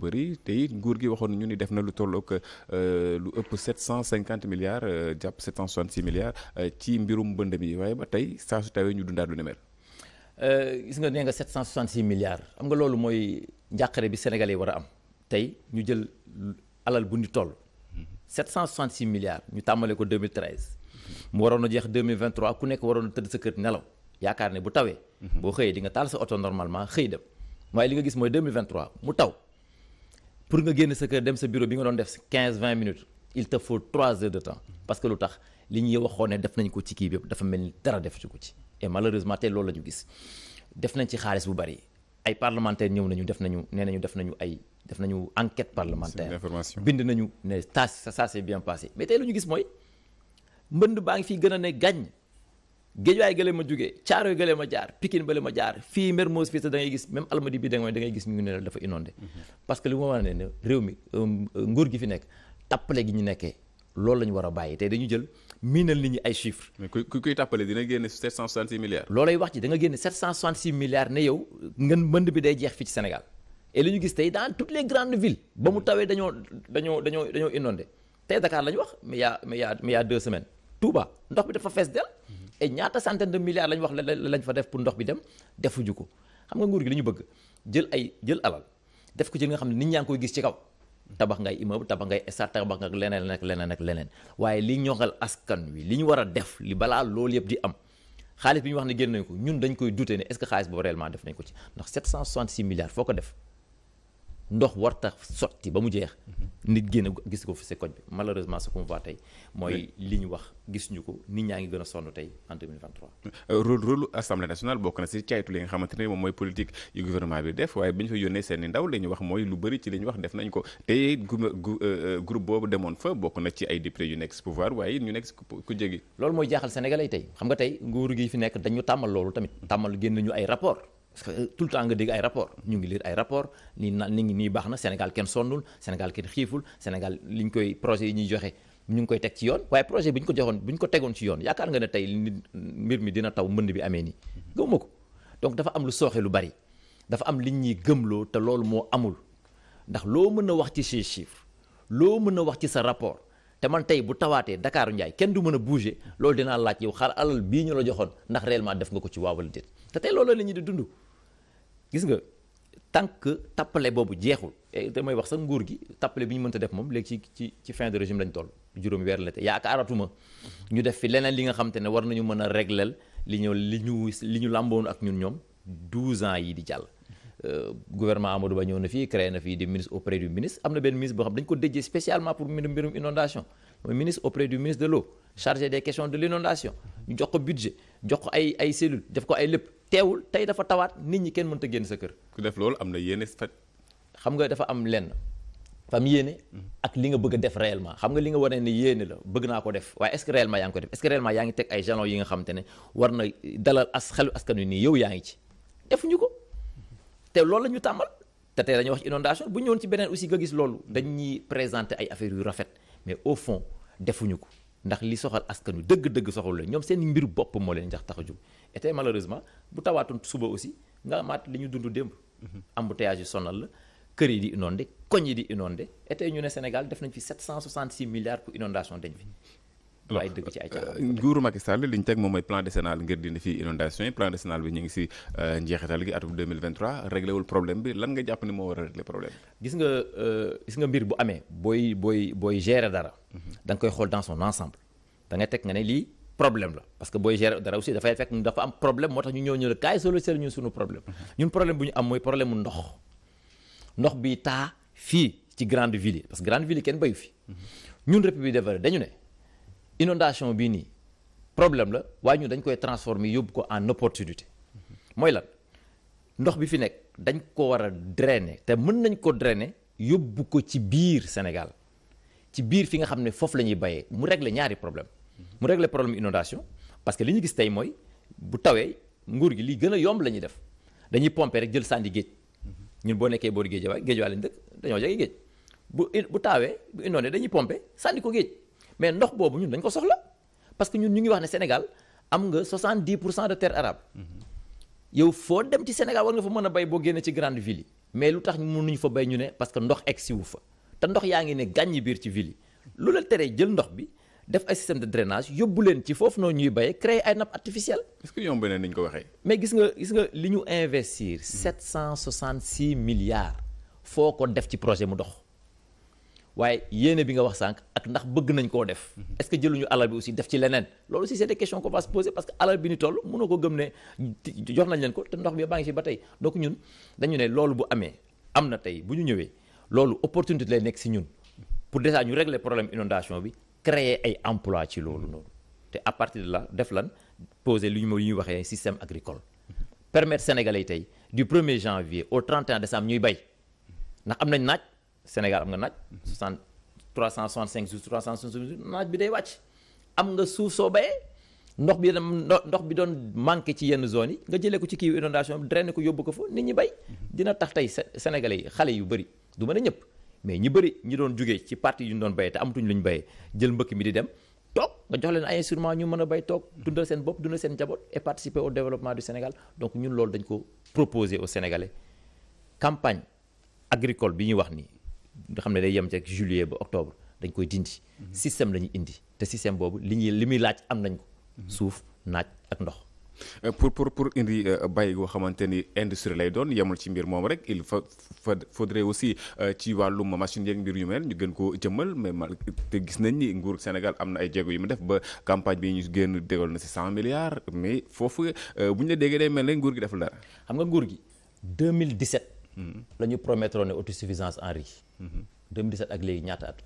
lu tey te nguur gi waxoon ñu ni def na lu tollook euh, lu ëpp sept cent cinquante milliards euh, jàpp sept cent soixante six milliards euh, ci mbirum mbënd mi waaye ba tey saa su tawee ñu dundaat lu ne mel. gis nga nee nga sept cent soixante six milliards am nga loolu mooy njàqare bi Sénégal yi war a am tey ñu jël alal bu ñu toll. 766 milliards ñu tàmbale ko 2013 mu waroon a jeex 2023 ku nekk waroon a tëdd sa kër nelaw yaakaar ne bu tawee. boo xëyee di nga taal sa oto normalement xëy dem waaye li nga gis mooy 2023 mu taw pour nga génn sa kër dem sa bureau bi nga doon def 15 20 minutes il te faut 3 heures de temps parce lu tax li ñuy waxoon ne def nañ ko ci kii bi dafa mel ni dara def ci ko ci et malheureusement tey loolu la ñu gis def nañ ci xaalis bu bari ay parlementaires ñëw nañu def nañu nee nañu def nañu ay def nañu enquête parlementaire bind nañu ne ça ça s'est bien passé mais tey lu ñu gis mooy mbënd baa ngi fi gën a ne gàññ géejuwaay gële ma jugee caaro gële ma jaar Pikine bële ma jaar fii Mermoz fii sax da gis même Almadies bi da gis ñu ne dafa inondé mhm. parce li ma wax ne réew mi um, uh, nguur gi fi ñu nekkee loolu la war a bàyyi tey dañu jël miinal nit ñi ay chiffres. mais ku kuy tàppale dina génne 766 milliards. loolay wax ji da nga milliards ne yow ngeen mbënd bi day jeex fii ci Sénégal et li ñu gis tey dans toutes les grandes villes ba mu mhm. tawee dañoo dañoo dañoo dañoo inondé tey Dakar la ñu wax mais y a mais y a mais deux semaines Touba ndox bi dafa fees del et ñaata centaine de milliards lañ wax lañ fa def pour ndox bi dem defuñu ko xam nga nguur gi li ñu bëgg jël ay jël alal def ko ci li nga xam ne nit ñaa ngi koy gis ci kaw tabax ngay immeuble tabax ngay stade tabax nga leneen ak leneen ak leneen waaye li ñoxal askan wi li ñu war a def li balaa loolu yëpp di am xaalis bi ñu wax ne génn nañ ko ñun dañ koy douter ne est-ce que xaalis boobu réellement def nañ ko ci ndax 766 milliards foo ko def ndox war tax sotti ba mu jeex nit génn gis ko fi si koñ bi malheureusement ce qu'on tey mooy li ñu wax gis ñu ko nit ñaa ngi gën a sonn tey en 2023 euh, rôle rôle assemblée nationale bokk na si caytu li nga xamante ne moom mooy politique yu gouvernement bi def waaye bi ñu fa yónnee seen ndaw li ñu wax mooy lu bëri ci li wax def nañ ko te euh, euh, groupe boobu demoon fa bokk na ci ay député yu nekk si pouvoir waaye ñu nekk si ku jégi loolu mooy jaaxal sénégalais tey xam nga tey nguur gi fi nekk dañu tàmmal loolu tamit tàmmal génn ñu ay rapport parce que euh, tout le temps nga dégg ay rapport ñu ngi lire ay rapport nii na ni ngi nii baax na Sénégal kenn sonnul Sénégal kenn xiiful Sénégal liñ koy projet yi ñuy joxe ñu ngi koy teg ci yoon waaye projet bi ñu ko joxoon bi ñu ko tegoon ci yoon yaakaar nga ne tey nit mbir mi dina taw mbënd bi amee nii gëmuma ko donc dafa am lu sooxe lu bari dafa am liñ ñuy gëmloo te loolu moo amul ndax loo mën a wax ci ces chiffres loo mën a wax ci sa rapport te man tey bu tawaatee ndakaaru njaay kenn du mën a bouger loolu dinaa laaj yow xaar alal bii ñu la joxoon ndax réellement def nga ko ci waaw wala gis nga tant que tappale boobu jeexul damay wax sax nguur gi tappale bi ñu mënta def moom léegi ci ci fin de régime lañ toll juróomi weer la te yaakaaratuma ñu def fi leneen li nga xam te ne war nañu mën a réglel li ñu li ñu li ñu làmboon ak ñun ñoom 12 ans yi di jàll. Euh, gouvernement Amadou Ba na fii créé na fii di ministre auprès du ministre am na benn ministre boo xam dañ ko déjee spécialement pour mbirum inondation mooy ministre auprès du ministre de l'eau chargé des questions de l'inondation jox ko budget jox ko ay ay cellules def ko ay lépp. teewul tey dafa tawaat nit ñi kenn mënta génn sa kër. ku def loolu am na yéene faj. xam nga dafa am lenn dafa am yéene. Mm-hmm. ak li nga bëgg a def réellement xam nga li nga wane ni yéene la bëgg naa ko def waaye est-ce que réellement yaa ngi ko def est-ce yaa ngi teg ay jalons yi nga xam te ne war na dalal as xelu askan wi nii yow yaa ngi ci. defuñu ko te loolu la ñu tàmbal te tey dañuy wax ci inondation bu ñëwoon ci beneen aussi nga gis loolu. dañuy présenter ay affaires yu rafet mais au fond defuñu ko ndax li soxal askan wi dëgg-dëgg soxal la ñoom seen mbir bopp moo leen jax tax a jóg été malheureusement bu tawaatoon suba aussi nga amaat li ñu dund démb. embouteillage yu sonal la kër yi di inondé koñ yi di inondé été ñu ne Sénégal def nañ fi 766 milliards pour inondation dañ fi. waaye dëgg ci ay euh, nguuru Macky Sall li ñu teg moom mooy plan décennal ngir dindi fi inondation yi plan décennal bi ñu ngi si euh, njeexital gi atum 2023 réglé wul problème bi lan nga jàpp ni moo war a problème gis nga euh, gis nga mbir bu amee booy booy booy gérer dara. Mhm. da koy xool da nga teg problème la parce que booy gérer dara aussi dafay fekk dafa am problème moo tax ñu ñëw ñu ne kaay solution ñun suñu problème ñun problème bu ñu am mooy problème mu ndox ndox bi taa fii ci grande ville parce que grande ville yi kenn bayu fi ñun république développée dañu ne inondation bii nii problème la waaye ñun dañ koy transformer yóbbu ko en opportunité mooy lan ndox bi fi nekk dañ ko war a drainer te mën nañ ko drainer yóbbu ko ci biir Sénégal ci biir fi nga xam ne foofu la ñuy bayee mu régler ñaari problème mu régler problème inondation parce que li ñu gis tey mooy bu tawee nguur gi li gën a yomb la ñuy def dañuy pomper rek jël sànni géej ñun boo nekkee boori géej waay géej waa lañ dëkk dañoo jege géej bu bu taawee bu inondé dañuy pomper sànni ko géej mais ndox boobu ñun dañ ko soxla parce que ñun ñu ngi wax ne Sénégal am nga di pour cent de terre arable yow foo dem ci Sénégal war nga fa mën a bay boo génnee ci grande ville mais lu tax mënuñu fa béy ñu ne parce que ndox egg si wu fa te yaa ngi ne gàññi biir ci ville yi teree jël ndox bi def ay système de drainage yóbbu leen ci foofu noonu ñuy béyee créer ay nappe artificielle. est-ce que yomb ko waxee. mais gis nga gis nga li ñu investir. 766 milliards. foo ko def ci projet mu ndox waaye yéene bi nga wax sànq ak ndax bëgg nañ koo def. Mhm. est que jëluñu alal bi def ci leneen. loolu aussi c'est des questions qu'on va se poser parce que alal bi ni toll mënoo ko gëm ne jox nañ leen ko te ndox bi baa ngi ci ba tey donc ñun dañu ne loolu bu amee am na tey bu ñu ñëwee loolu opportunité lay nekk si ñun pour déjà ñu régler problème inondation bi. créer ay emploi ci loolu noonu te à partir de là def lan poser lu ñu yu ñuy waxee système agricole permettre sénégalais yi tey du premier er janvier au 31 décembre ñuy bay ndax am nañ naaj Sénégal am nga naaj 60 365 jours 365 jours naaj bi day wàcc am nga suuf soo bayee ndox bi ndox bi doon manqué ci yenn zone yi nga jëlee ko ci kii inondation bi drainer ko yóbbu ko fa nit ñi bay dina tax tey sénégalais yi xale yu bëri du mën a ñëpp mais ñi bëri ñi doon jugee ci parti yu ñu doon béyee te amatuñ lu ñu béyee jël mbëkk mi di dem toog nga jox leen ay instruments ñu mën a bay toog dundal seen bopp dundal seen njaboot et participer au développement du Sénégal donc ñun lool dañ ko proposer au Sénégalais campagne agricole bi ñuy wax ni nga xam ne day yem ci juillet ba octobre dañ koy dindi mhm. système la ñuy indi te système boobu li ñuy li muy laaj am nañ ko mhm. suuf naaj ak ndox Euh, pour pour pour indi euh, bàyyi goo xamante ni industrie lay doon yemul ci mbir moom rek il fa faudrait aussi euh, ci wàllum machine yeeg mbir yu mel ñu gën koo jëmmal mais te gis nañ ni nguur Sénégal am na ay jéego yu mu def ba campagne bi ñu génn dégal na si cent milliards mais foofu bu ñu la déggee day mel ne nguur gi deful dara. xam nga nguur gi 2017. la ñu promettre ne autosuffisance en riz. 2017 ak léegi ñaata at.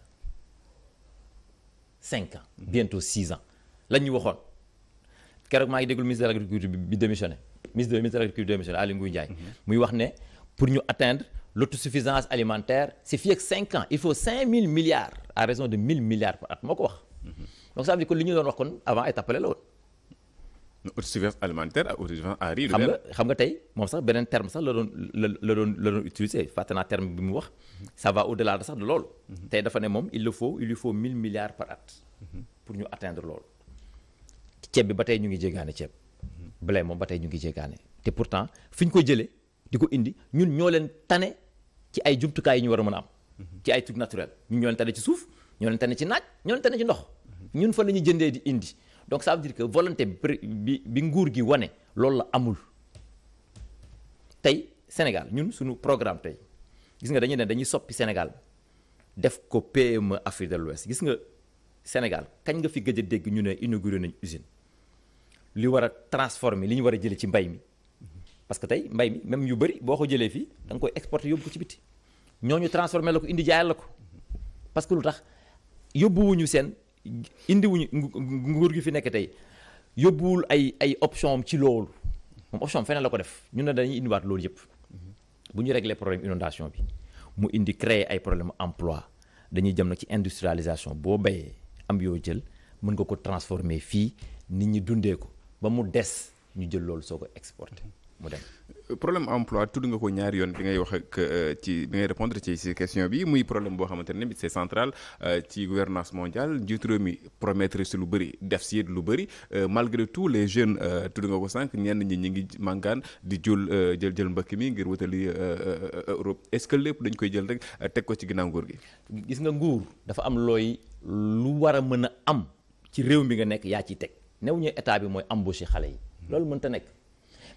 5 ans. bientôt 6 ans la ñu waxoon. keroog maa ngi déglu ministre de l'agriculture bi démissionné ministre de ministre de l'agriculture démissionné Aly Ngouille mhm. muy wax ne pour ñu atteindre l'autosuffisance alimentaire c'est fii ak 5 ans il faut de 1000 milliards par at moo ko wax mhm. donc ça li ñu doon wax kon avant ay tappale la woon alimentaire ak en riz xam nga xam nga tey moom sax beneen terme sax la doon la doon la doon utiliser fàtte naa terme bi mu wax mhm. ça va au-delà de sax de loolu tey dafa ne moom il le faut il lui faut 1000 milliards par at pour ñu atteindre lool ceeb bi ba tey ñu ngi jéggaane ceeb blé moom ba tey ñu ngi jéggaane te pourtant fi ñu ko jëlee di ko indi ñun ñoo leen tane ci ay jumtukaay yi ñu war a mën a am ci ay tout naturel ñun ñoo leen tane ci suuf ñoo leen tane ci naaj ñoo leen tane ci ndox ñun fa lañuy jëndee di indi donc ça veut dire que volonté bi bi nguur gi wane loolu la amul tey Sénégal ñun suñu programme tey gis nga dañu ne dañuy soppi Sénégal def ko PME Afrique de l'Ouest gis nga Sénégal kañ nga fi gëj a dégg ñu ne inauguré nañu usine li war a transformer li ñu war a jëlee ci mbay mi parce que tey mbay mi même yu bëri boo ko jëlee fii danga koy exporter yóbbu ko ci ñoo ñu transformer la ko indi jaayal la ko parce que lu tax yóbbuwuñu seen indiwuñu nguur gi fi nekk tey yóbbuwul ay ay option ci loolu moom option am feneen la ko def ñu ne dañuy indiwaat loolu yëpp bu ñu régler problème inondation bi mu indi créer ay problème emploi dañuy jëm nag ci industrialisation boo béyee am yoo jël mën nga ko transformer fii nit ñi dundee ko ba mu des ñu jël loolu soo ko exporté mu dem. problème emploi tudd nga ko ñaari yoon bi ngay wax ak euh, ci bi ngay répondre ci si question bi muy problème boo xamante ne bi c'est central euh, ci gouvernance mondiale njiitu réew mi promettre si lu bëri def si lu bëri euh, malgré tout les jeunes tudd nga ko sànq ñenn ñi ñi ngi màngaan di jul jël jël mbëkk mi ngir wutali Europe est-ce que lépp dañ koy jël rek teg ko ci ginnaaw nguur gi. gis nga nguur dafa am looy lu war a mën a am ci réew mi nga nekk yaa ciy teg new ñu état bi mooy embaucher xale yi loolu mënta nekk.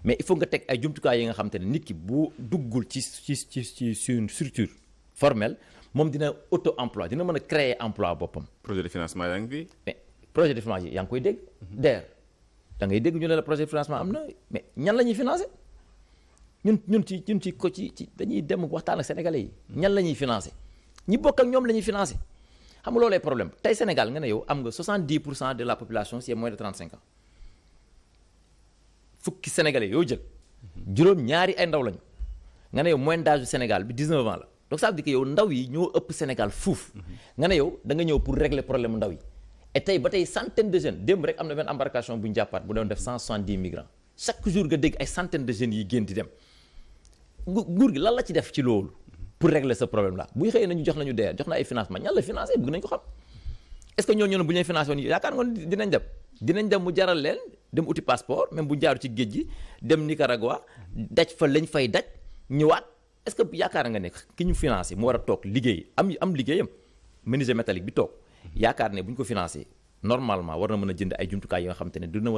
mais il faut nga teg ay jumtukaay yi nga xam te ne nit ki bu duggul ci ci ci ci sur une structure formelle moom dina auto emploi dina mën a créer emploi boppam. projet de financement yaa ngi fi. mais projet yaa ngi koy dégg. d'ailleurs da ngay dégg ñu ne la projet de financement am na mais ñan la ñuy financer ñun ñun ci ñun ci ko ci ci dañuy dem waxtaan ak sénégalais yi. ñan la ñuy financer ñi bokk ak ñoom la ñuy financer xam nga loolu lay problème tey Sénégal nga ne yow am nga 70 pour cent de fukki sénégalais yoo jël juróom ñaari ay ndaw lañu nga ne yow moyenne d'âge du Sénégal bi 19 ans la donc ça veut dire que yow ndaw yi ñoo ëpp Sénégal fuuf nga ne yow da nga ñëw pour régler problème ndaw yi et tey ba tey centaine de jeunes démb rek am na benn embarcation bu ñu jàppaat bu doon def 170 migrants chaque jour nga dégg ay centaine de jeunes yi génn di dem nguur gi lan la ci def ci loolu pour régler ce problème là bu ñu xëyee nañu jox nañu DER na ay financement ñan la financé bëgg nañu ko xam est ce que ñooñu noonu bu ñu leen dem dinañ dem dem uti passeport même bu jaaru ci géej gi dem Nicaragua daj fa lañ fay daj ñëwaat est-ce que yaakaar nga ne ki ñu financé mu war a toog liggéey am am liggéeyam menuisier métallique bi toog yaakaar ne bu ñu ko financé normalement war na mën a jënd ay jumtukaay yi nga xam te ne a mm-hmm. ne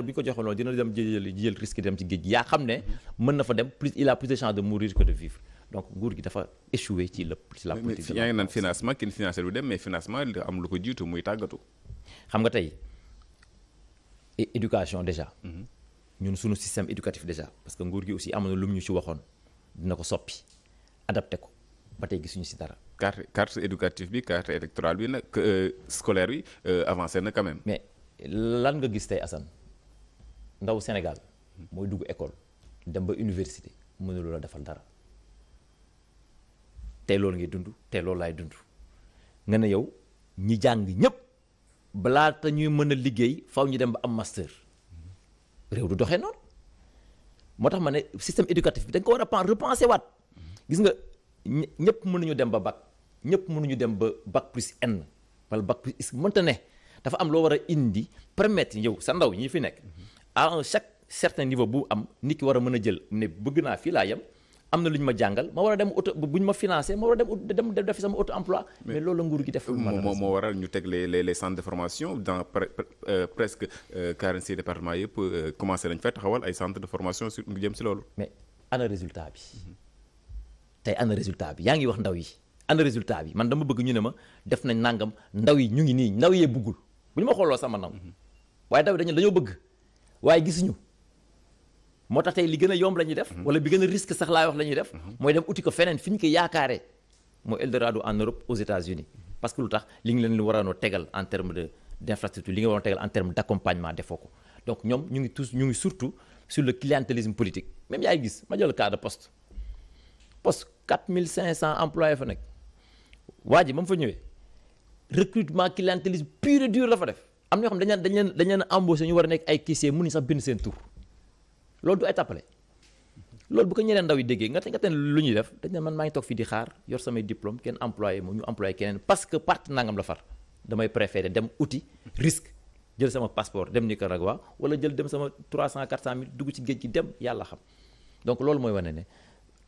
bu ñu ko joxee loolu dina dem jël jël risque dem ci géej gi yaa xam ne mm-hmm. mën na fa dem plus il a plus de chance de mourir que de vivre donc nguur gi dafa échoué ci la ci la politique yaa ngi naan financement kenn financé du dem mais financement am lu ko jiitu muy tàggatu xam nga tey et éducation déjà. Mhm. ñun suñu système éducatif déjà parce que nguur gi aussi am na lu mu ñu ci waxoon dina ko soppi adapté ko ba tey gisuñu ci dara. carte carte éducative bi carte électorale bi nag euh, scolaire bi euh, avancer na quand même. mais lan nga gis tey Assane ndaw Sénégal mooy dugg école dem ba université mënuloo la defal dara tey loolu ngay dund tey loolu laay dund nga ne yow ñi jàng ñëpp. balaa balaata ñuy mën a liggéey faw ñu dem ba am master réew du doxee noonu moo tax ma ne système éducatif bi dañ ko war a pen repenser waat gis nga ñëpp mënuñu dem ba bac ñëpp mënuñu dem ba bac plus N wala bac plus is mënta ne dafa am loo war a indi permettre yow sa ndaw ñi fi nekk à chaque certain niveau bu am nit ki war a mën a jël ne bëgg naa fii laa yem am na lu ñu ma jàngal ma war a dem auto bu ñu ma financé ma war a dem dem defi sama auto emploi mais loolu nguur gi def. moo moo waral ñu teg les les les centres de formation dans euh, presque 46 euh, départements yëpp euh, commencé nañ fa taxawal ay centres de formation su ngi jëm si loolu. mais ana résultat bi tey ana résultat bi yaa ngi wax ndaw yi ana résultat bi man dama bëgg ñu ne ma def nañ nangam ndaw yi ñu ngi nii ndaw yee buggul bu ñu ma xooloo sama naw mm-hmm. waaye ndaw bëgg waaye gisuñu. moo tax tey li gën a yomb la ñuy def mhm. wala bi gën a risque sax laay wax la ñuy def mhm. mooy dem uti ko feneen fi ñu ko yaakaare mooy Eldorado en Europe aux États-Unis parce que lu tax li ngi leen lu waroon a tegal en terme de d'infrastructure li nga waroon a tegal en terme d'accompagnement defoo ko donc ñoom ñu ngi tous ñu ngi surtout sur le clientélisme politique même yaay gis ma jël cas de poste poste 4500 employés fa waa ji ba mu fa ñëwee recrutement clientélisme pur et fa def am na ñoo xam ñu war a ay caissier mu ni sax loolu du ay tappale loolu bu ko ñeneen ndaw yi déggee nga te nga teen lu ñuy def dañ ne man maa ngi toog fii di xaar yor samay diplôme kenn employé mu ñu employé keneen parce que part nangam la far damay préféré dem uti risque jël sama passeport dem ni Nicaragua wala jël dem sama trois cent 300 cent mille dugg ci géej gi dem yàlla xam donc loolu mooy wane ne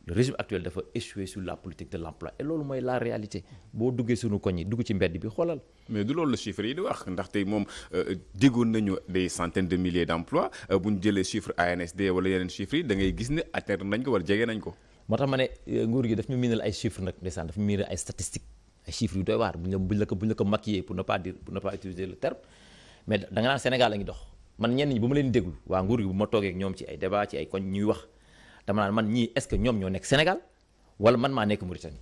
le régime actuel dafa échoué sur la politique de l'emploi et loolu mooy la réalité boo duggee suñu koñ yi dugg ci mbedd bi xoolal. mais du loolu la chiffres yi di wax ndaxte moom euh, déggoon nañu des centaines de milliers d'emplois euh, bu ñu jëlee chiffre ANSD wala yeneen chiffres yi da ngay gis ne atteindre nañ ko wala jege nañ ko. moo tax ma ne euh, nguur gi daf ñu miinal ay chiffres nag ndeysaan daf ñu miinal ay statistiques ay chiffres yu doy waar buñ la buñ la ko buñ la man ñenn ñi leen déglu waa nguur gi bu ñoom ci ay débat ci ay dama man ñii est-ce que ñoom ñoo nekk Sénégal wala man maa nekk Mauritanie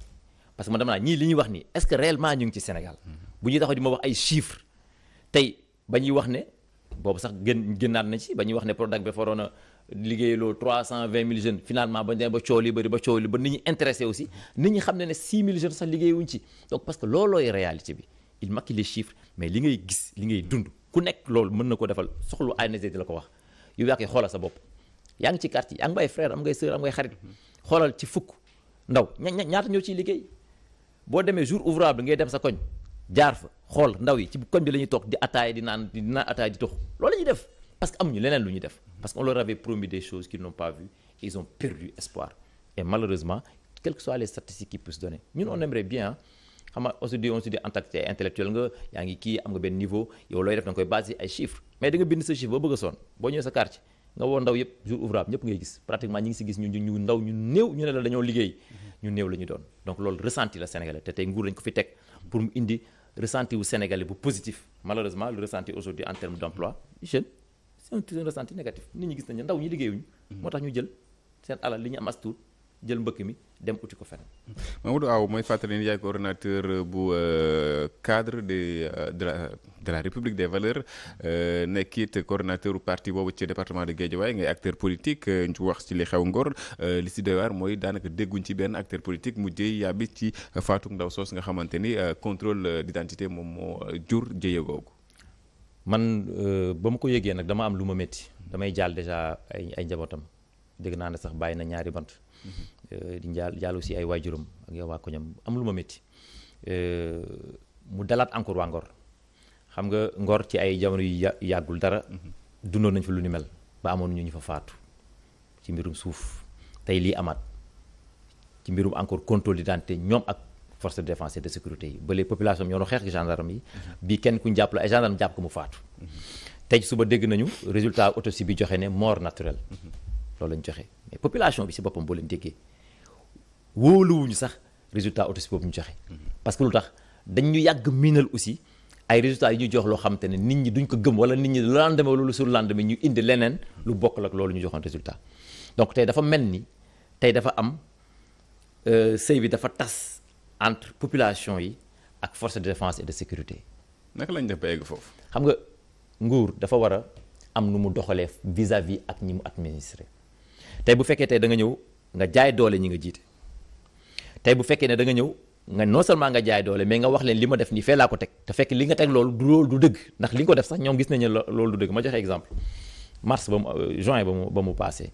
parce que man dama ñii li ñuy wax nii est-ce que réellement ñu ngi ci Sénégal bu ñuy taxaw di ma wax ay chiffres tey ba ñuy wax ne boobu sax gën gënnaat na ci ba ñuy wax ne Prodac bi fa waroon a liggéeyloo 320 000 jeunes finalement ba ñu ba coow li bëri ba coow nit ñi intéressé aussi nit ñi xam ne ne 6 000 jeunes sax liggéeyuñ ci donc parce que loolooy réalité bi il maquille les chiffres mais li li ngay dund ku nekk loolu mën na ko defal soxlu ANSD la ko wax yow yaa koy xoolal sa bopp yaa ngi ci quartier yaa ngi bay frère am ngay sœur am ngay xarit xoolal ci fukk ndaw ña ñaata ñoo ciy liggéey boo demee jour ouvrable ngay dem sa koñ jaar fa xool ndaw yi ci koñ bi la ñuy di ataay di naan di naan ataay di tox loolu la ñuy def parce que amuñu leneen lu ñuy def parce que on leur avait promis des choses qu'ils n'ont pas vues et ils ont perdu espoir et malheureusement quelles que soient les statistiques qu'ils puissent donner ñun on aimerait bien xam nga on ngi kii nga benn niveau yow looy def da nga koy basé ay chiffres mais da sa chiffre a nga woo ndaw yëpp jour ouvrable ñëpp ngay gis pratiquement ñi ngi si gis ñu ñu ndaw ñu néew ñu ne la dañoo liggéey ñu néew la ñu doon donc loolu ressenti la sénégalais te tey nguur lañ ko fi teg pour mu indi ressenti wu sénégalais bu positif malheureusement le ressenti aujourd'hui en terme d' emploi jeune c'est un ressenti négatif nit ñi gis nañu ndaw ñi liggéeyuñu moo tax ñu jël seen alal li ñu am as tuut jël mbëkk mi dem uti ko feneen. Mamadou Aw mooy fàttali ni yaay coordonnateur bu euh, cadre de euh, de la de la République des valeurs euh, nekkit coordonnateur parti boobu ci département de Guédiawaye ngay acteur politique ñu wax ci li xew Ngor li si doy waar mooy daanaka dégguñ ci benn acteur politique mu jëy yàbbi ci Fatou Ndaw soos nga xamante ni contrôle d'identité moom moo jur jëye googu. man ba ma ko yëgee nag dama am lu ma métti damay jaal déjà ay njabootam dégg naa ne sax bàyyi na ñaari bant. Mm-hmm. Euh, di njaal jaal aussi ay waajuram ak yow waa koñam am lu ma métti euh, mu dalaat encore waa Ngor xam nga Ngor ci ay jamono yu yàggul dara mhm. dundoon nañ fi lu ni mel ba amoon ñu ñu fa faatu ci mbirum suuf tey lii amaat ci mbirum encore contrôle d'identité ñoom ak force de défense de sécurité yi ba les populations ñoo doon xeex ak gendarme yi mhm. kenn ku ñu jàpp la ay gendarme jàpp ko mu faatu mhm. tey suba dégg nañu résultat auto si bi joxe ne moor naturelle loolu lañ joxe mais population bi si boppam boo leen déggee wóoluwuñu sax résultat autopsie boobu ñu joxe. parce que lu tax dañ ñu yàgg miinal aussi ay résultats yi ñu jox loo xam te ne nit ñi duñ ko gëm wala nit ñi le lendemain wala le surlendemain ñu indi leneen lu bokkal ak loolu ñu joxoon résultat donc tey dafa mel ni tey dafa am euh, sëy bi dafa tas entre population yi ak force de défense et de sécurité. naka lañ def ba egg foofu. xam nga nguur dafa war a am nu mu doxalee vis-à-vis ak ñi mu administré tey bu fekkee tey da nga ñëw nga jaay doole ñi nga jiite. tey bu fekkee ne da nga ñëw nga non seulement nga jaay doole mais nga wax leen li ma def nii fee laa ko teg te fekk li nga teg loolu du loolu du dëgg ndax li nga ko def sax ñoom gis nañu ne loolu du dëgg ma joxe exemple mars ba mu euh, juin ba mu ba mu passé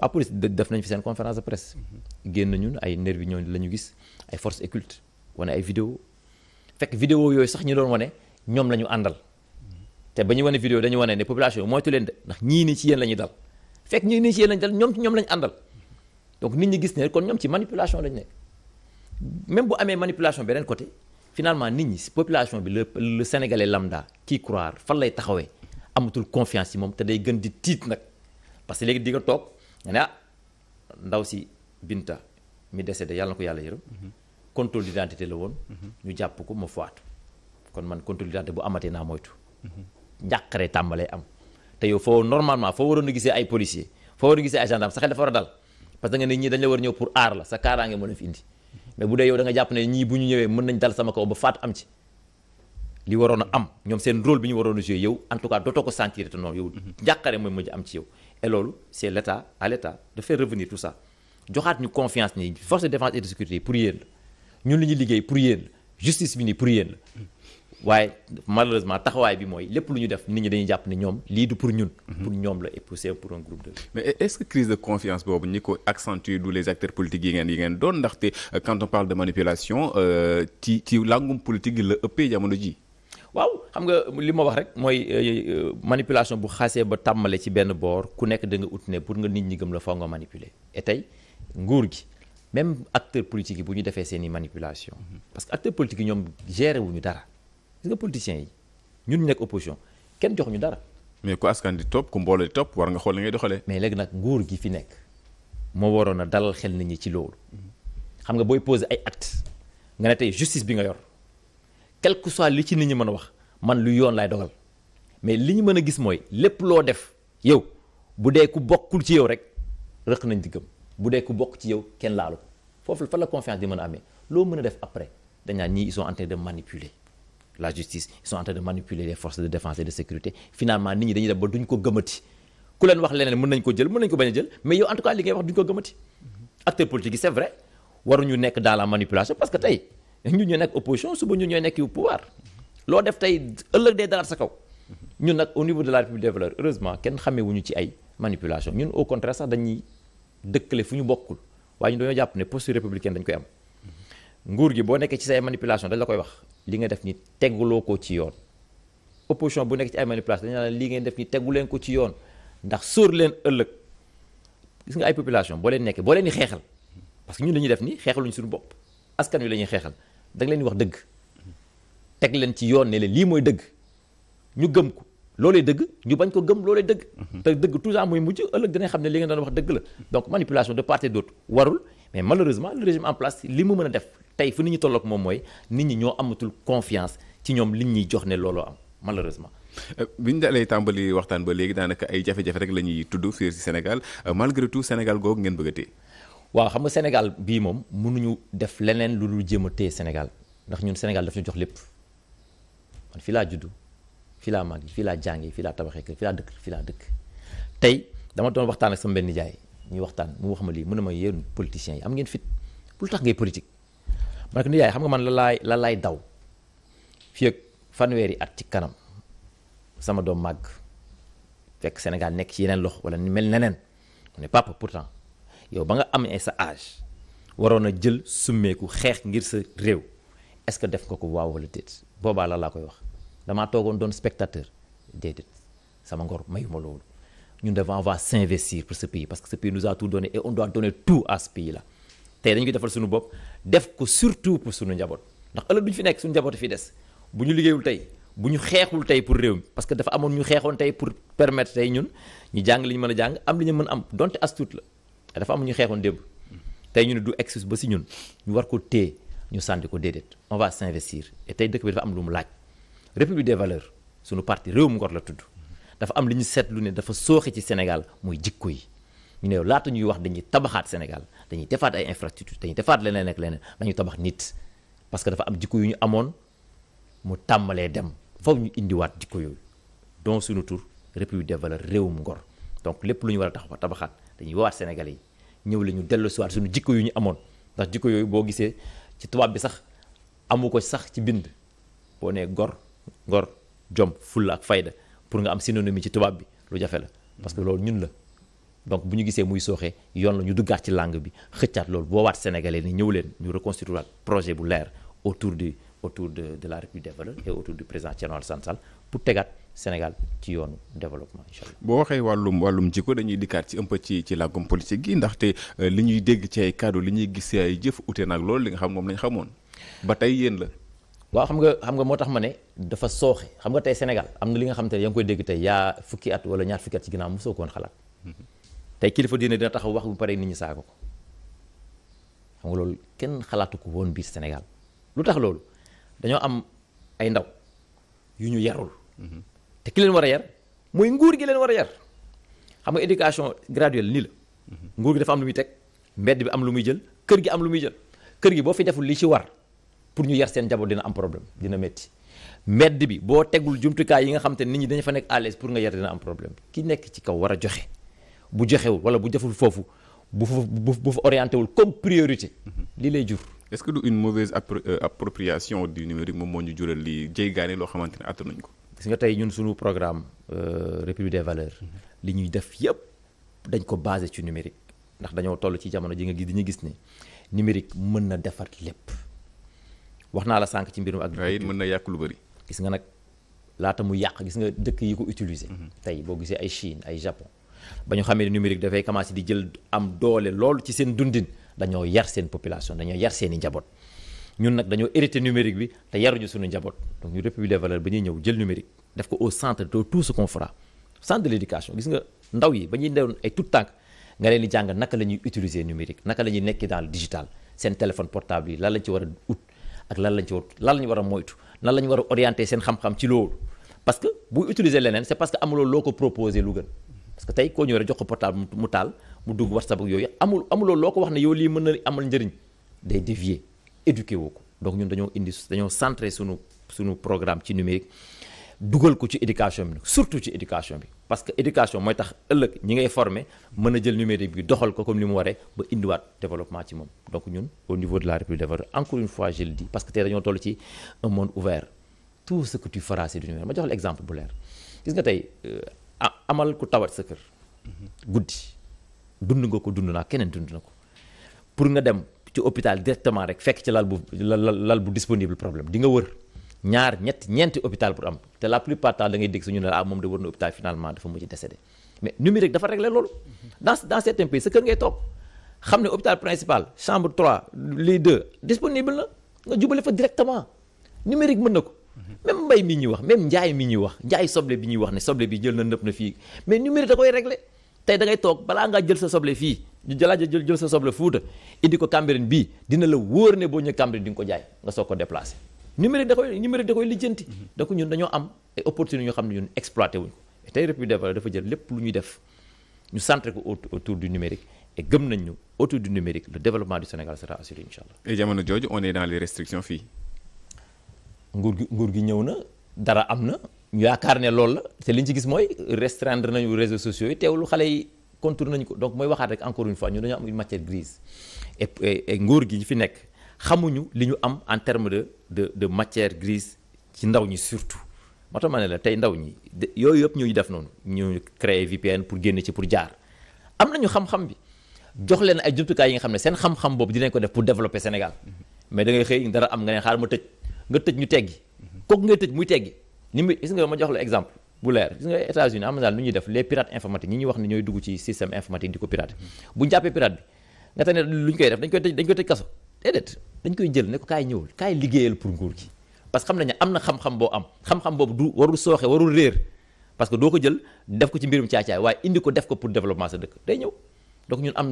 waa police def nañ fi seen conférence de presse génn ñun ay nervi ñooñu la ñu gis ay forces occultes wane ay vidéo fekk vidéo yooyu sax ñu doon wane ñoom la ñu àndal te ba ñu wane vidéo dañu wane ne population yi moytu leen de ndax ñii nii ci yéen la ñuy dal fekk ñii nii ci yéen ñoom la ñu àndal donc nit ñi gis ne kon ñoom ci manipulation lañu nekk même bu amee manipulation beneen côté finalement nit ñi si population bi le le sénégalais lambda kii croire fan lay taxawee amatul confiance ci moom te day gën di tiit nag parce que léegi di nga toog nga ne ah ndaw si Binta mi décédé yàlla na ko yàlla yërëm. Mhm. contrôle d'identité la woon. Mhm. ñu jàpp ko ma faatu. kon man contrôle d'identité bu amatee naa moytu. Mhm. njàqare tàmbalee am. te yow foo normalement foo waroon a gisee ay policiers foo waroon a gisee ay gendarmes sa war a a ñëw pour aar la mais bu dee yow da nga jàpp ne ñii bu ñu ñëwee mën nañ dal sama kaw ba faat am ci li waroon a am ñoom seen rôle bi ñu waroon a jouer yow en tout cas dootoo ko sentir te noonu yow njàqare mooy mujj am ci yow et loolu c' l' état à l' état de revenir tout ça joxaat ñu confiance nii force de défense et de sécurité pour yéen la ñun li ñu liggéey pour yéen la justice bi nii pour yéen la waaye malheureusement taxawaay bi mooy lépp lu ñu def nit ñi dañuy jàpp ni ñoom lii du pour ñun. Mhm. pour ñoom la et pour c'est pour un groupe ce que crise de confiance boobu ñi ko accentue du les acteurs politiques yi ngeen yi ngeen doon ndaxte euh, quand on parle de manipulation euh, ci ci làngum politique la ëppee jamono ji. waaw xam nga li ma wax rek mooy euh, manipulation bu xasee ba tàmmale ci benn boor ku nekk da nga ut ne pour nga nit ñi gëm la foo nga manipuler et tey nguur gi. même acteurs politiques yi bu ñu defee seen i manipulation mhm. parce que acteurs politiques ñoom géré wuñu dara gis nga politiciens yi ñun ñu nekk kenn jox dara. mais ku askan di topp ku mbooloo topp war nga xool li ngay doxalee. mais léegi nag nguur gi fi nekk moo waroon a dalal xel nit ñi ci loolu xam nga booy poser ay actes nga tey justice bi nga yor quel li ci nit ñi mën a wax man lu yoon laay dogal mais li ñu mën a gis mooy lépp loo def yow bu dee ku bokkul ci yow rek rëq nañ diggam bu dee ku bokk ci yow kenn laalu ko foofu fan la confiance di mën a amee loo mën a def après dañaa naan ñii ils sont en train de manipuler. la justice ils sont en train de manipuler les forces de défense et de sécurité finalement nit ñi dañuy dem ba duñ ko gëmati ku leen wax leneen mën nañ ko jël mën nañ ko bañ a jël mais yow en li ngay wax duñ ko gëmati acteur politique yi c'est vrai waruñu nekk dans la manipulation parce que tey ñun ñoo nekk opposition suba ñun ñooy nekk pouvoir loo def tey ëllëg day dalaat sa kaw ñun nag au niveau de la République des valeurs heureusement kenn xamewuñu ci ñun au contraire sax dañuy fu ñu bokkul waaye ñun jàpp ne posture républicaine dañ koy am nguur gi boo nekkee ci say manipulation dañ la koy wax li nga def ni teguloo ko ci yoon opposition bu nekk ci ay manipulation dañu naan li ngeen def ni tegu leen ko ci yoon ndax sóor leen ëllëg gis nga ay population boo leen nekkee boo leen di xeexal parce que ñun dañuy def ni xeexaluñ suñu bopp askan wi lañuy xeexal da nga leen di wax dëgg teg leen ci yoon ne leen lii mooy dëgg ñu gëm ko loolee dëgg ñu bañ ko gëm loolee dëgg mhm. te dëgg toujours mooy mujj ëllëg dinañ xam ne li nga doon wax dëgg la donc manipulation de part et d'autre warul mais malheureusement le place li mu mën a def tey fu nit ñi tolloog moom mooy nit ñi ñoo amatul confiance ci ñoom liñ ñuy jox ne looloo am malheureusement. Euh, bi ñu dalee tàmbali waxtaan ba léegi daanaka ay jafe-jafe rek la ñuy tudd fii ci Sénégal euh, malgré tout Sénégal googu ngeen bëgg a waaw xam nga Sénégal bii moom mënuñu def leneen lu dul jéem a téye Sénégal ndax ñun Sénégal dafa ñu jox lépp man fii laa juddu fii laa màgg fii laa jàngee fii laa tabaxee kër fii laa dëkk fii laa dëkk tey dama doon waxtaan ak sama benn jaay ñuy waxtaan wax ma lii mu ne ma yéen politiciens yi am ngeen fit lu tax ngay politique ma ne ko nijaay xam nga man la laay la laay daw fii fanweeri at ci kanam sama doom màgg fekk Sénégal nekk ci yeneen loxo wala mel neneen mu ne papa pourtant yow ba nga am ay sa age waroon na jël summeeku xeex ngir sa réew est-ce que def nga ko waaw wala déet boobaa la laa koy wax damaa toogoon doon spectateur déedéet sama ngor mayuma loolu ñun devons va s'investir pour ce pays parce que ce pays nous a tout donné et on doit donner à ce pays tey dañ koy defal suñu bopp def ko surtout pour suñu njaboot ndax ëllëg duñ fi nekk suñu njaboot fi des bu ñu liggéeyul tey bu ñu xeexul tey pour réew mi parce que dafa amoon ñu xeexoon tey pour permettre tey ñun ñu jàng li ñu mën a jàng am li ñu mën am donte astut la dafa amoon ñu xeexoon démb tey ñu du excuse ba si ñun ñu war ko téye ñu sànni ko déedéet on va s'investir et tey dëkk bi dafa am lu mu laaj république de valeur sunu parti réew mu ngor la tudd dafa am li ñu seetlu ne dafa sooxe ci Sénégal muy jikko yi ñu ne laata ñuy wax dañuy tabaxaat Sénégal dañuy defaat ay infrastructure dañuy defaat leneen ak leneen dañuy tabax nit parce que dafa am jikko yu ñu amoon mu tàmbalee dem foofu ñu indiwaat jikko yooyu donc suñu tur république des valeurs réewum ngor donc lépp lu ñu war a taxaw tabaxaat dañuy woowaat sénégal yi ñëw la ñu dellu siwaat suñu jikko yu ñu amoon ndax jikko yooyu boo gisee ci tubaab bi sax amu ko sax ci bind boo nee gor ngor jom fulla ak fayda pour nga am synonyme ci tubaab bi donc bu ñu gisee muy sooxee yoon la ñu duggaat ci làng bi xëccaat loolu boowaat sénégalais ni ñëw leen ñu reconstituer projet bu leer autour du autour de de la République des valeurs et autour du président Thierno Alassane Sall pour tegaat Sénégal ci yoonu développement incha boo waxee wàllum wàllum jikko dañuy dikkaat ci un peu ci ci làggum politique gi ndaxte euh, li ñuy dégg ci ay kàddu li ñuy gis ay jëf ute nag loolu li nga xam moom lañ xamoon ba tey yéen la. waaw xam nga xam nga moo tax ma ne dafa sooxe xam nga tey Sénégal am na li nga xam te yaa ngi koy dégg tey yaa fukki at wala ñaar fukki at ci ginnaaw mosoo ko tey kilifa diine dina taxaw wax bu pare nit ñi saaga ko xam nga loolu kenn xalaatu ko woon biir Sénégal lu tax loolu dañoo am ay ndaw yu ñu yarul mhm. te ki leen war a yar mooy nguur gi leen war a yar xam nga éducation graduelle nii la mhm. nguur gi dafa am lu muy teg mbedd bi am lu jël kër gi am lu muy jël kër gi boo fi deful li ci war pour ñu yar seen njaboot dina am problème dina métti mbedd bi boo tegul jumtukaay yi nga xam te nit ñi dañu fa nekk à pour nga yar dina am problème ki nekk ci kaw war a joxe bu joxewul wala bu deful foofu bu fa bu fa wul comme priorité mhm. lii lay jur. est-ce que du une mauvaise appro euh, appropriation du numérique moom moo ñu jural lii jéggaane loo xamante ne attanuñ ko. gis nga tey ñun sunu programme euh, république des valeurs mhm. li ñuy def yépp dañ ko basé ci numérique ndax dañoo toll ci jamono ji nga gis ñu gis ni numérique mën na defar lépp wax naa la sànq ci mbirum yit mën na yàq lu bari. gis nga nag laata mu yàq gis nga dëkk yi ko utiliser. Mhm. tey boo gisee ay Chine ay Japon. ba ñu xamee ne numérique dafay commencé di jël am doole loolu ci seen dundin dañoo yar seen population dañoo yar seen i njaboot ñun nag dañoo hérité numérique bi te yaruñu suñu njaboot donc ñu république des ba ñuy ñëw jël numérique def ko au centre de tout ce qu'on centre de l'éducation gis nga ndaw yi ba ñuy ndewoon ay tout tànk nga leen di jàng naka la ñuy utiliser numérique naka la ñuy nekki daal le digital seen téléphone portable yi lan lañ ci war a ut ak lan lañ ci war lan lañ war a moytu war a seen xam ci loolu parce que bu utiliser leneen parce que amuloo loo ko proposer lu parce que tey koo ñëw rek jox ko portable mu taal mu dugg whatsapp ak yooyu amul amuloo loo ko wax ne yow lii mën na amal njëriñ day dévier éduqué woo ko donc ñun dañoo indi dañoo centré sunu sunu programme ci numérique dugal ko ci éducation bi surtout ci éducation bi parce que éducation mooy tax ëllëg ñi ngay forme mën a jël numérique bi doxal ko comme li mu waree ba indiwaat développement ci moom donc ñun au niveau de la République des valeurs encore une fois je le dis ci un tu feras c'est du numérique exemple bu leer gis nga euh, amal ku tawat sa kër guddi dund nga ko dund naa keneen dund na ko pour nga dem ci hôpital directement rek fekk ci lal bu lal bu disponible problème di nga wër ñaar ñetti ñeenti hôpital pour am te la plupart temps da ngay dégg ñu ne ah moom da wër na hôpital finalement dafa mujj décédé mais numérique dafa régler loolu dans dans certains pays sa kër ngay toog xam ne hôpital principal chambre 3 lii 2 disponible na nga jubale fa directement numérique mën na ko même mbay mi ñuy wax même njaay mi ñuy wax njaay soble bi ñuy wax ne soble bi jël na nëpp na fii mais numérique da koy régler tey da ngay toog balaa ngaa jël sa soble fii ñu jëlaat jël jël sa soble fuuta indi ko Cambérène bii dina la wóor ne boo ñu Cambérène di nga ko jaay nga soo ko déplacé numérique da koy numérique da koy lijjanti mhm. donc ñun dañoo am ay opportunités ñoo xam ne ñun exploité wuñ ko tey république développée dafa jël lépp lu ñuy def ñu centré ko autour du numérique et gëm nañ ñu autour du numérique le développement du Sénégal sera assuré nguur gi nguur gi ñëw na dara am na ñu yaakaar ne loolu la te liñ ci gis mooy restreindre nañu réseau sociaux yi teewlu xale yi contour nañu ko donc mooy waxaat rek encore une fois ñu dañoo am une nguur gi fi nekk xamuñu li ñu am en de de de matière grise ci ndaw ñi surtout moo ma ne la tey ndaw ñi yooyu yëpp ñuy def noonu ñu créer VPN pour génne ci pour jaar am nañu xam-xam bi jox leen ay jumtukaay yi nga xam ne seen xam-xam boobu dinañ ko def pour développer Sénégal mm-hmm. mais da ngay xëy dara am nga ne xaar ma tëj. nga tëj ñu teggi kooku ngay tëj muy teggi ni mu gis nga ma jox la exemple bu leer gis nga États-Unis am na daal nu ñuy def les pirates informatiques ñi ñu wax ne ñooy dugg ci système informatique di ko pirate bu ñu jàppee bi nga tane lu ñu koy def dañ koy tëj dañ koy tëj kaso déedéet dañ koy jël ne ko kaay ñëwul kaay liggéeyal pour nguur gi parce que xam nañu am na xam-xam boo am xam-xam boobu du warul sooxe warul réer parce que doo ko jël def ko ci mbirum caacaay waaye indi ko def ko pour développement sa dëkk day ñëw donc ñun am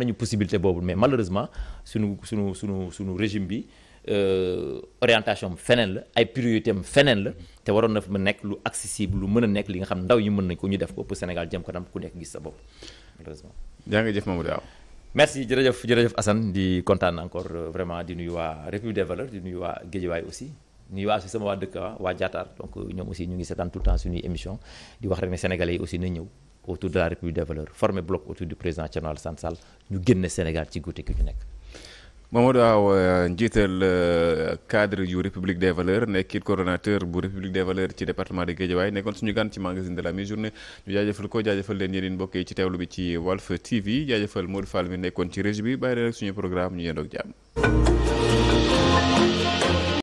boobu mais malheureusement sunu sunu sunu sunu régime bi Euh, orientation am feneen la ay priorité am feneen la te waroon na fi fa nekk lu accessible lu mën a nekk li nga xam ndaw yi mën nañ ko ñu def ko pour Sénégal jëm kanam ku nekk gis sa bopp malheureusement. yaa ngi jëf Mamadou Aw. merci jërëjëf jërëjëf Assane di kontaan encore euh, vraiment di nuyu waa République des valeurs di nuy waa Guédiawaye aussi. nuyu waa si sama waa dëkk ah, waa Diatar donc euh, ñoom aussi ñu ngi seetaan tout le temps suñuy émission di wax rek ne sénégalais yi aussi na ñëw autour de la République des valeurs former ci guute ki ñu nekk. Mamadou Aw njiital euh, cadre yu République des Valeurs nekkit coordonnateur bu République des ci département de Guédiawaye nekkoon suñu gan ci magazine de la mi-journée ñu jaajëfal ko jaajëfal leen yeneen mbokk yi ci teewlu bi ci Walf TV jaajëfal Modou Fall nekkoon ci régie bi bàyyi leen ak suñu programme ñu yendoog jàmm